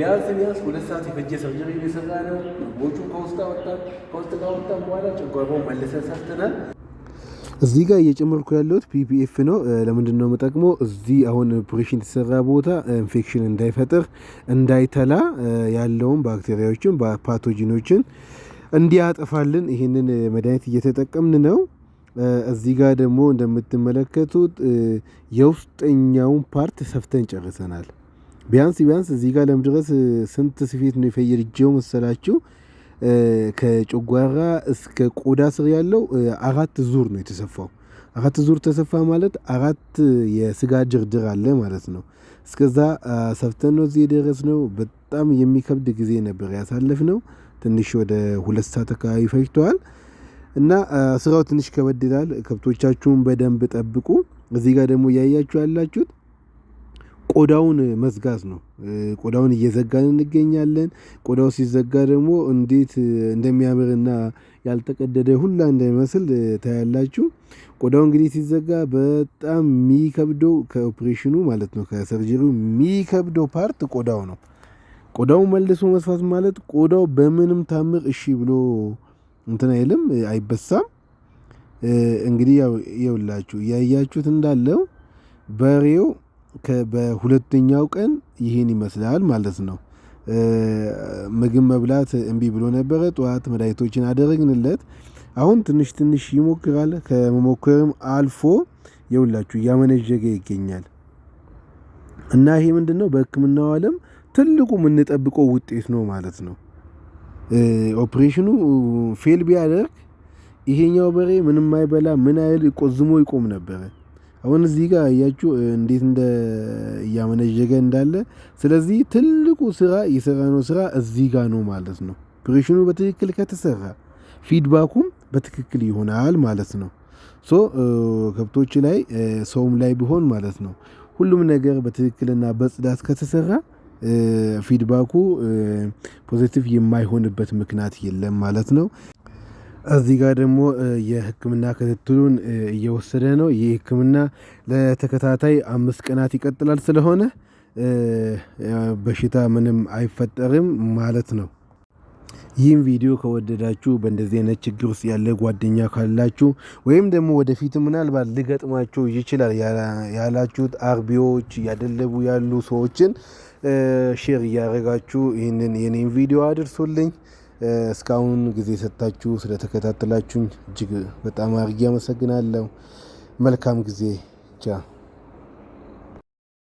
ቢያንስ ቢያንስ ሁለት ሰዓት የፈጀ ሰርጀሪ የሰራ ነው። ምግቦቹ ከውስጥ አወጣን። ከውስጥ ካወጣን በኋላ ጨጓራውን መልሰን ሰርተናል። እዚህ ጋር እየጨመርኩ ያለሁት ፒፒኤፍ ነው። ለምንድን ነው የምጠቅመው? እዚህ አሁን ኦፕሬሽን የተሰራ ቦታ ኢንፌክሽን እንዳይፈጥር እንዳይተላ፣ ያለውን ባክቴሪያዎችን ፓቶጂኖችን እንዲያጠፋልን ይህንን መድኃኒት እየተጠቀምን ነው። እዚህ ጋር ደግሞ እንደምትመለከቱት የውስጠኛውን ፓርት ሰፍተን ጨርሰናል። ቢያንስ ቢያንስ እዚህ ጋር ለምድረስ ስንት ስፌት ነው የፈየድጀው መሰላችሁ? ከጨጓራ እስከ ቆዳ ስር ያለው አራት ዙር ነው የተሰፋው። አራት ዙር ተሰፋ ማለት አራት የስጋ ድርድር አለ ማለት ነው። እስከዛ ሰፍተን ነው እዚህ የደረስ ነው። በጣም የሚከብድ ጊዜ ነበር ያሳለፍ ነው። ትንሽ ወደ ሁለት ሰዓት አካባቢ ፈጅተዋል። እና ስራው ትንሽ ከበድ ይላል። ከብቶቻችሁን በደንብ ጠብቁ። እዚህ ጋር ደግሞ እያያችሁ ያላችሁት ቆዳውን መዝጋት ነው። ቆዳውን እየዘጋን እንገኛለን። ቆዳው ሲዘጋ ደግሞ እንዴት እንደሚያምርና ያልተቀደደ ሁላ እንደሚመስል ታያላችሁ። ቆዳው እንግዲህ ሲዘጋ በጣም የሚከብደው ከኦፕሬሽኑ ማለት ነው ከሰርጀሪው የሚከብደው ፓርት ቆዳው ነው። ቆዳው መልሶ መስፋት ማለት ቆዳው በምንም ታምር እሺ ብሎ እንትን አይልም፣ አይበሳም። እንግዲህ ያው ይኸውላችሁ እያያችሁት እንዳለው በሬው በሁለተኛው ቀን ይህን ይመስላል ማለት ነው። ምግብ መብላት እምቢ ብሎ ነበረ። ጠዋት መድኃኒቶችን አደረግንለት። አሁን ትንሽ ትንሽ ይሞክራል። ከመሞከርም አልፎ የውላችሁ እያመነዠገ ይገኛል እና ይሄ ምንድን ነው በሕክምናው ዓለም ትልቁ የምንጠብቀው ውጤት ነው ማለት ነው። ኦፕሬሽኑ ፌል ቢያደርግ ይሄኛው በሬ ምንም አይበላ ምን አይል ቆዝሞ ይቆም ነበረ። አሁን እዚህ ጋር እያችሁ እንዴት እንደ እያመነዠገ እንዳለ። ስለዚህ ትልቁ ስራ የሰራነው ስራ እዚህ ጋር ነው ማለት ነው። ኦፕሬሽኑ በትክክል ከተሰራ ፊድባኩም በትክክል ይሆናል ማለት ነው። ሶ ከብቶች ላይ ሰውም ላይ ቢሆን ማለት ነው ሁሉም ነገር በትክክልና በጽዳት ከተሰራ ፊድባኩ ፖዘቲቭ የማይሆንበት ምክንያት የለም ማለት ነው። እዚህ ጋር ደግሞ የህክምና ክትትሉን እየወሰደ ነው። ይህ ህክምና ለተከታታይ አምስት ቀናት ይቀጥላል። ስለሆነ በሽታ ምንም አይፈጠርም ማለት ነው። ይህም ቪዲዮ ከወደዳችሁ በእንደዚህ አይነት ችግር ውስጥ ያለ ጓደኛ ካላችሁ ወይም ደግሞ ወደፊት ምናልባት ሊገጥማችሁ ይችላል ያላችሁት አርቢዎች እያደለቡ ያሉ ሰዎችን ሼር እያደረጋችሁ ይህንን የኔም ቪዲዮ አድርሱልኝ። እስካሁን ጊዜ ሰጥታችሁ ስለተከታተላችሁኝ እጅግ በጣም አድርጌ አመሰግናለሁ። መልካም ጊዜ ቻ